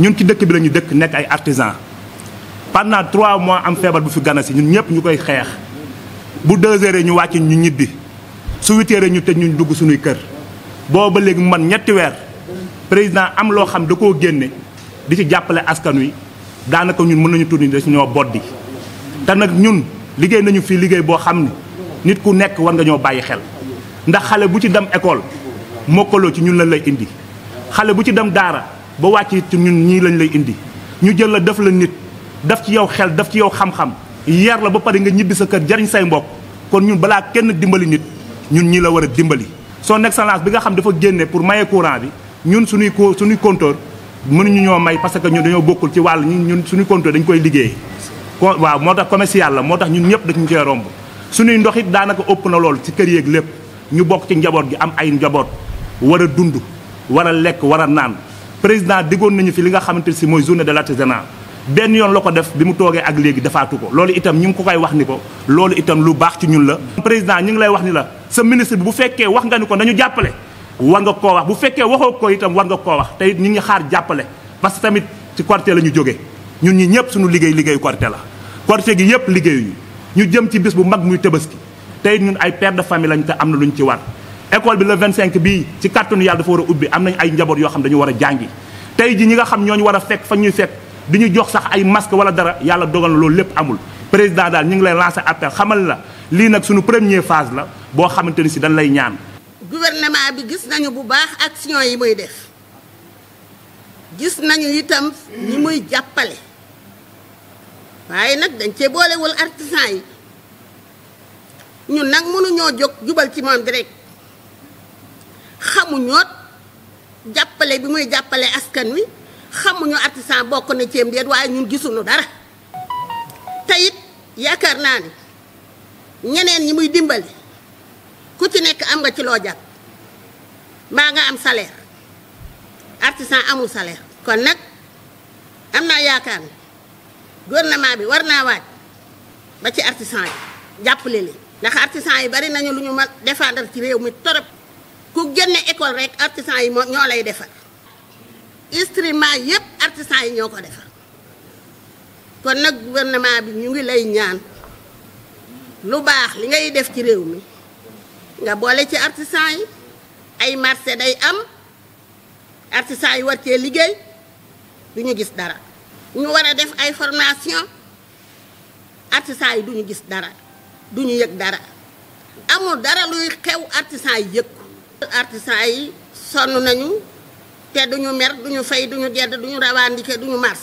ñun ci dëkk bi lañuy dëkk nekk ay artisans pendant trois mois am feebar bu fi gana si ñun ñëpp ñu koy xeex bu deux heures ñu wàcc ñu ñibbi su huit heures ñu te ñu dugg suñuy kër booba léegi man ñetti weer président am loo xam da ko génne di ci jàppale askan wi daanaka ñun mën nañu tuddi dañu ñoo boddi te nag ñun liggéey nañu fii liggéey boo xam ni nit ku nekk war nga ñoo bàyyi xel ndax xale bu ci dem école mokkaloo ci ñun lañ lay indi xale bu ci dem daara ba wàcc ci ñun ñii lañ lay indi ñu jël la def la nit daf ci yow xel daf ci yow xam-xam yar la ba pare nga ñibbi sa kër jariñ say mbokk kon ñun balaa kenn dimbali nit ñun ñii la war a dimbali. son excellence bi nga xam dafa génne pour maye courant bi ñun suñuy co suñuy compteur mënuñu ñoo may parce que ñun dañoo bokkul ci wàll ñun suñuy compteur dañu koy liggéey ko waaw moo tax commercial la moo tax ñun ñëpp dañu cee romb suñuy ndox it daanaka ëpp na lool ci kër yeeg lépp ñu bokk ci njaboot gi am ay njaboot war a dund war a lekk war a naan. président diggoon nañu fi li nga xamante si mooy journée de l'artisanat benn yoon la ko def bi mu toogee ak léegi defaatu ko loolu itam ñu ngi ko koy wax ni ko loolu itam lu baax ci ñun la président ñu ngi lay wax ni la sa ministre bi bu fekkee wax nga ni ko nañu jàppale war nga koo wax bu fekkee waxoo ko itam war nga koo wax te ñi ngi xaar jàppale parce que tamit ci Korité la ñu jógee ñun ñi ñëpp suñu liggéey liggéeyu Korité la Korité gi yëpp liggéeyuñu ñu jëm ci bis bu mag muy Tabaski te it ñun ay père de famille lañ te am na lu ñu ci war école bi le 25 bii ci kàttanu yàlla dafa war a ubbi am nañ ay njaboot yoo xam dañu war a jàngi tey ji ñi nga xam ñooñu war a fekk fa ñuy fekk di ñu jox sax ay masque wala dara yàlla dogal na loolu lépp amul président daal ñu ngi lay lancer appel xamal la lii nag suñu premier phase la boo xamante ni si dañ lay ñaan gouvernement bi gis nañu bu baax action yi muy def gis nañu itam ñi muy jàppale waaye nag dañ cee boolewul artisan yi ñun nag mënuñoo jubal ci moom direct xamuñoot jàppale bi muy jàppale askan wi xamuñu artisan bokk na ceeb déet waaye ñun gisuñu dara te it yaakaar naa ni ñeneen yi muy dimbali ku ci nekk am nga ci loo jàpp mbaa nga am salaire artisan amul salaire kon nag am naa yaakaar na gouvernement bi war naa waaj ba ci artisan yi jàpp leen ndax artisan yi bari nañu lu ñu ma défendre ci réew mi torop ku génne école rek artisan yi moo ñoo lay defar instrument yëpp artisan yi ñoo ko defar kon nag gouvernement bi ñu ngi lay ñaan lu baax li ngay def ci réew mi nga boole ci artisan yi ay marché day am artisan yi war cee liggéey du ñu gis dara ñu war a def ay formation artisan yi duñu gis dara duñu ñu yëg dara amul dara luy xew artisan yi yëg artisan yi sonn nañu te duñu mer duñu fay duñu gedd duñu rawandike duñu mars